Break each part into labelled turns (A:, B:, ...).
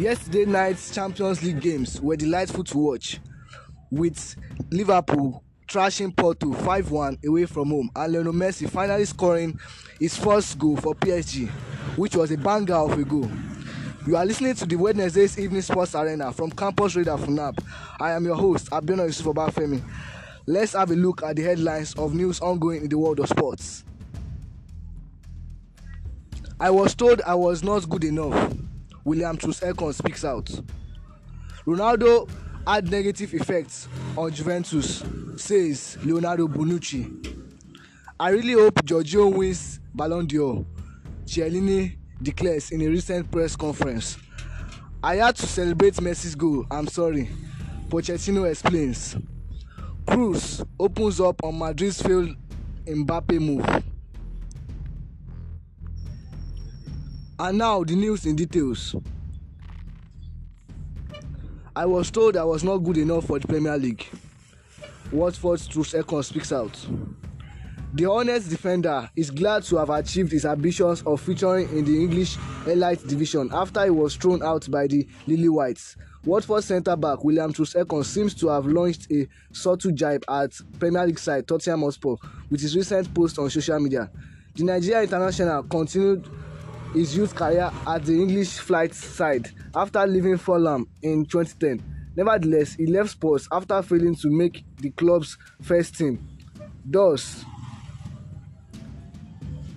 A: Yesterday night's Champions League games were delightful to watch, with Liverpool thrashing Porto 5-1 away from home and Lionel Messi finally scoring his first goal for PSG, which was a banger of a goal. You are listening to the Wednesday's Evening Sports Arena from Campus Radar FUNAB. I am your host, Abdullah Yusuf Obafemi. Let's have a look at the headlines of news ongoing in the world of sports. I was told I was not good enough. William Troost-Ekong speaks out. Ronaldo had negative effects on Juventus, says Leonardo Bonucci. I really hope Giorgio wins Ballon d'Or, Chiellini declares in a recent press conference. I had to celebrate Messi's goal, I'm sorry, Pochettino explains. Cruz opens up on Madrid's failed Mbappe move. And now the news in details. I was told I was not good enough for the Premier League. Watford's True Second speaks out. The honest defender is glad to have achieved his ambitions of featuring in the English Elite Division after he was thrown out by the Lily Whites. Watford centre back William troost seems to have launched a subtle jibe at Premier League side Tottenham Hotspur with his recent post on social media. The Nigeria international continued his youth career at the English flight side after leaving Fulham in 2010. Nevertheless, he left Spurs after failing to make the club's first team. Thus,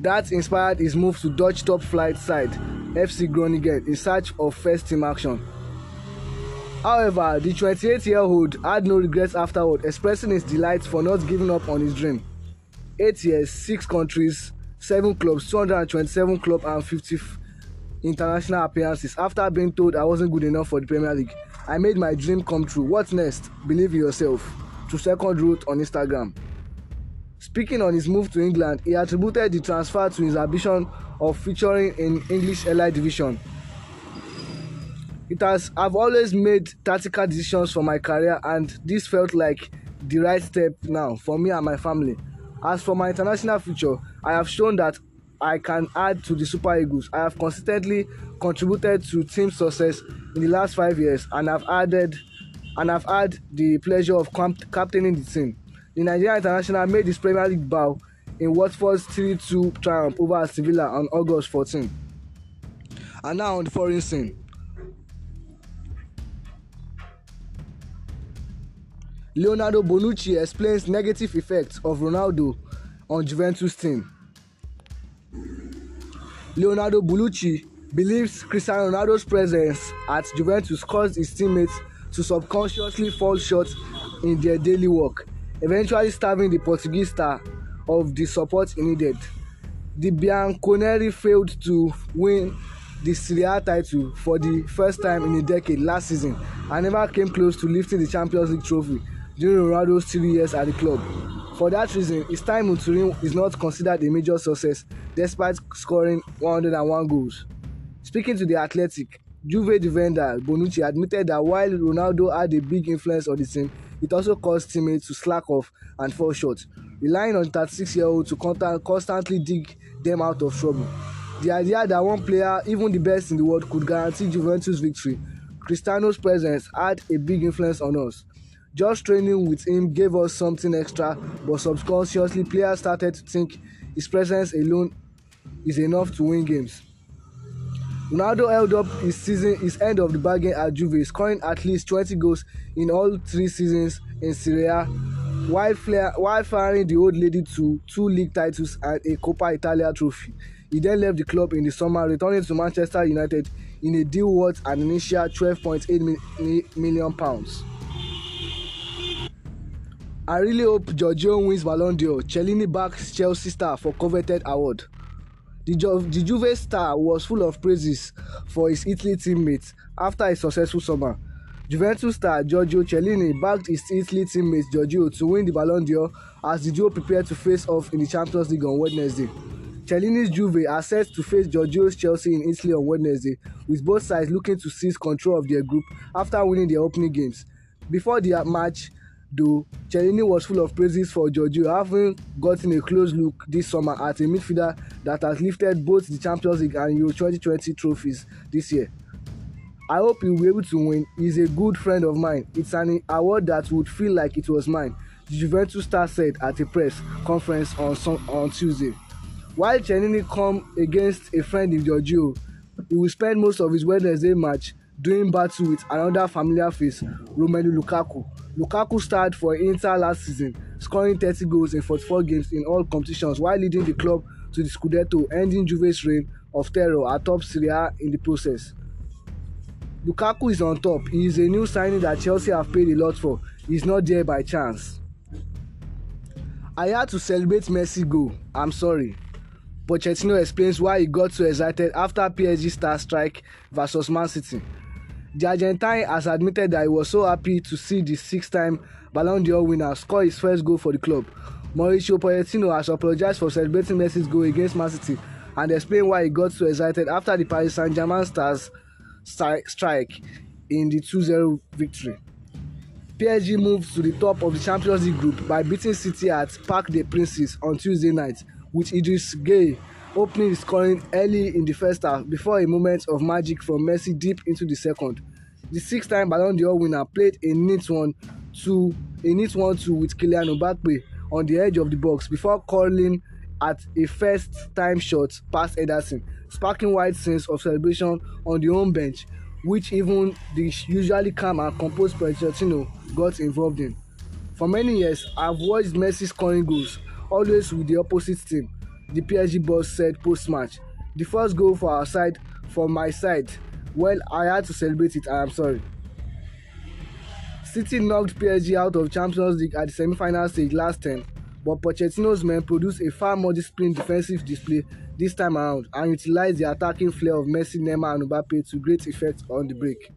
A: that inspired his move to Dutch top flight side FC Groningen in search of first team action. However, the 28 year old had no regrets afterward, expressing his delight for not giving up on his dream. Eight years, six countries, seven clubs, 227 club and 50 international appearances. After being told I wasn't good enough for the Premier League, I made my dream come true. What's next? Believe in yourself. To second route on Instagram. Speaking on his move to England, he attributed the transfer to his ambition of featuring in English Elite Division. It has I've always made tactical decisions for my career and this felt like the right step now for me and my family. As for my international future, I have shown that I can add to the Super Eagles. I have consistently contributed to team success in the last five years and have added and have had the pleasure of camp- captaining the team. The Nigerian international made his Premier League bow in Watford's 3-2 triumph over Sevilla on August 14. And now on the foreign scene. Leonardo Bonucci explains negative effects of Ronaldo on Juventus team. Leonardo Bonucci believes Cristiano Ronaldo's presence at Juventus caused his teammates to subconsciously fall short in their daily work, eventually starving the Portuguese star of the support he needed. The Bianconeri failed to win the Serie A title for the first time in a decade last season and never came close to lifting the Champions League trophy during Ronaldo's three years at the club. For that reason, his time in Turin is not considered a major success despite scoring 101 goals. Speaking to The Athletic, Juve defender Bonucci admitted that while Ronaldo had a big influence on the team, it also caused teammates to slack off and fall short, relying on 36-year-old to constantly dig them out of trouble. The idea that one player, even the best in the world, could guarantee Juventus victory, Cristiano's presence had a big influence on us. Just training with him gave us something extra, but subconsciously players started to think his presence alone is enough to win games. Ronaldo held up his season his end of the bargain at Juve, scoring at least 20 goals in all three seasons in Serie A, while, flare, while firing the old lady to two league titles and a Coppa Italia trophy. He then left the club in the summer, returning to Manchester United in a deal worth an initial 12.8 million pounds. I really hope Jorginho wins Ballon d'Or. Cellini backs Chelsea star for coveted award. The, jo- the Juve star was full of praises for his Italy teammates after a successful summer. Juventus star Giorgio Cellini backed his Italy teammate Giorgio to win the Ballon d'Or as the duo prepared to face off in the Champions League on Wednesday. Cellini's Juve are set to face Giorgio's Chelsea in Italy on Wednesday, with both sides looking to seize control of their group after winning their opening games. Before the match, though Chelini was full of praises for Giorgio having gotten a close look this summer at a midfielder that has lifted both the Champions League and Euro 2020 trophies this year. I hope he'll be able to win. He's a good friend of mine. It's an award that would feel like it was mine, the Juventus star said at a press conference on, on Tuesday. While Chelini come against a friend in Giorgio, he will spend most of his Wednesday match doing battle with another familiar face Romelu Lukaku. Lukaku starred for Inter last season, scoring 30 goals in 44 games in all competitions while leading the club to the Scudetto, ending Juve's reign of terror atop Serie in the process. Lukaku is on top. He is a new signing that Chelsea have paid a lot for. He is not there by chance. I had to celebrate Messi goal. I'm sorry. Pochettino explains why he got so excited after PSG star strike vs Man City. The Argentine has admitted that he was so happy to see the six-time Ballon d'Or winner score his first goal for the club. Mauricio Pochettino has apologized for celebrating Messi's goal against Man City and explained why he got so excited after the Paris Saint-Germain stars strike in the 2-0 victory. PSG moved to the top of the Champions League group by beating City at Parc des Princes on Tuesday night, with Idris Gueye opening scoring early in the first half before a moment of magic from Messi deep into the second. The six-time Ballon d'Or winner played a neat one to a neat one two with Kylian Mbappe on the edge of the box before calling at a first-time shot past Ederson, sparking wide scenes of celebration on the home bench, which even the usually calm and composed Pochettino got involved in. For many years, I've watched Messi scoring goals, always with the opposite team the PSG boss said post match. The first goal for our side, for my side. Well, I had to celebrate it, I am sorry. City knocked PSG out of Champions League at the semi-final stage last time, but Pochettino's men produced a far more disciplined defensive display this time around and utilized the attacking flair of Messi, Neymar and Mbappe to great effect on the break.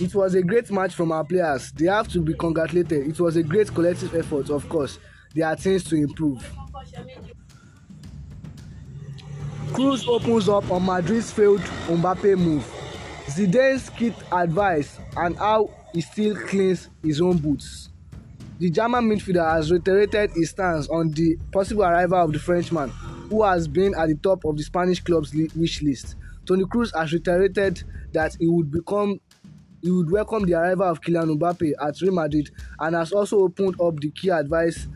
A: It was a great match from our players. They have to be congratulated. It was a great collective effort, of course. There are things to improve. Cruz opens up on Madrid's failed Mbappe move. Zidane's kit advice and how he still cleans his own boots. The German midfielder has reiterated his stance on the possible arrival of the Frenchman, who has been at the top of the Spanish club's wish list. Toni Cruz has reiterated that he would become he would welcome the arrival of Kylian Mbappe at Real Madrid and has also opened up the key advice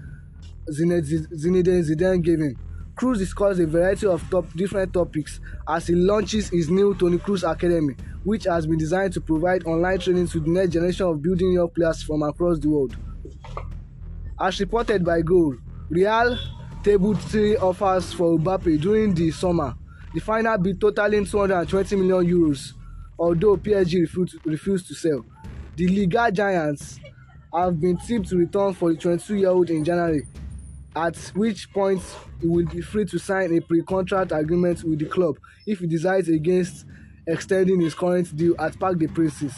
A: Zinedine Zidane giving. Cruz discussed a variety of top, different topics as he launches his new Tony Cruz Academy, which has been designed to provide online training to the next generation of building young players from across the world. As reported by Goal, Real Table three offers for Mbappe during the summer, the final bid totaling 220 million euros, although PSG refused, refused to sell. The Liga giants have been tipped to return for the 22-year-old in January, at which point he will be free to sign a pre-contract agreement with the club if he decides against extending his current deal at Parc des Princes.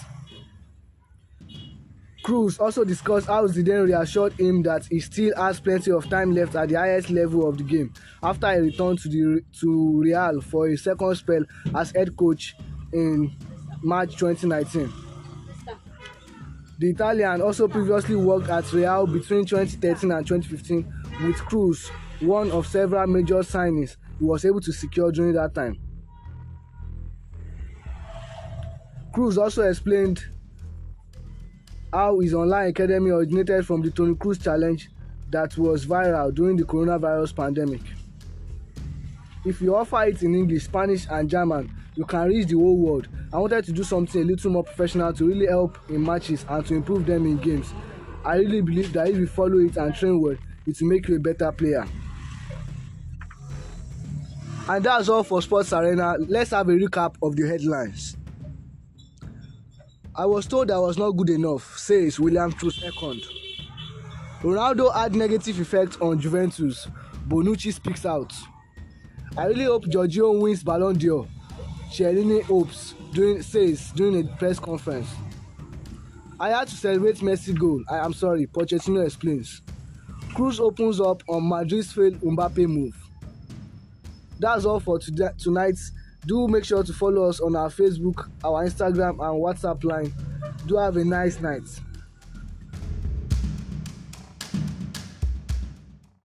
A: Cruz also discussed how Zidane reassured him that he still has plenty of time left at the highest level of the game after he returned to, the, to Real for a second spell as head coach in March 2019. The Italian also previously worked at Real between 2013 and 2015 with Cruz, one of several major signings he was able to secure during that time. Cruz also explained how his online academy originated from the Tony Cruz challenge that was viral during the coronavirus pandemic. If you offer it in English, Spanish, and German, you can reach the whole world. I wanted to do something a little more professional to really help in matches and to improve them in games. I really believe that if we follow it and train well, it will make you a better player. And that's all for Sports Arena. Let's have a recap of the headlines. I was told I was not good enough, says William Truss Ekond. Ronaldo had negative effect on Juventus. Bonucci speaks out. I really hope Giorgio wins Ballon d'Or. Chiellini hopes during says during a press conference. I had to celebrate Messi goal. I am sorry, Pochettino explains. Cruz opens up on Madrid's failed Mbappe move. That's all for today, tonight. Do make sure to follow us on our Facebook, our Instagram, and WhatsApp line. Do have a nice night.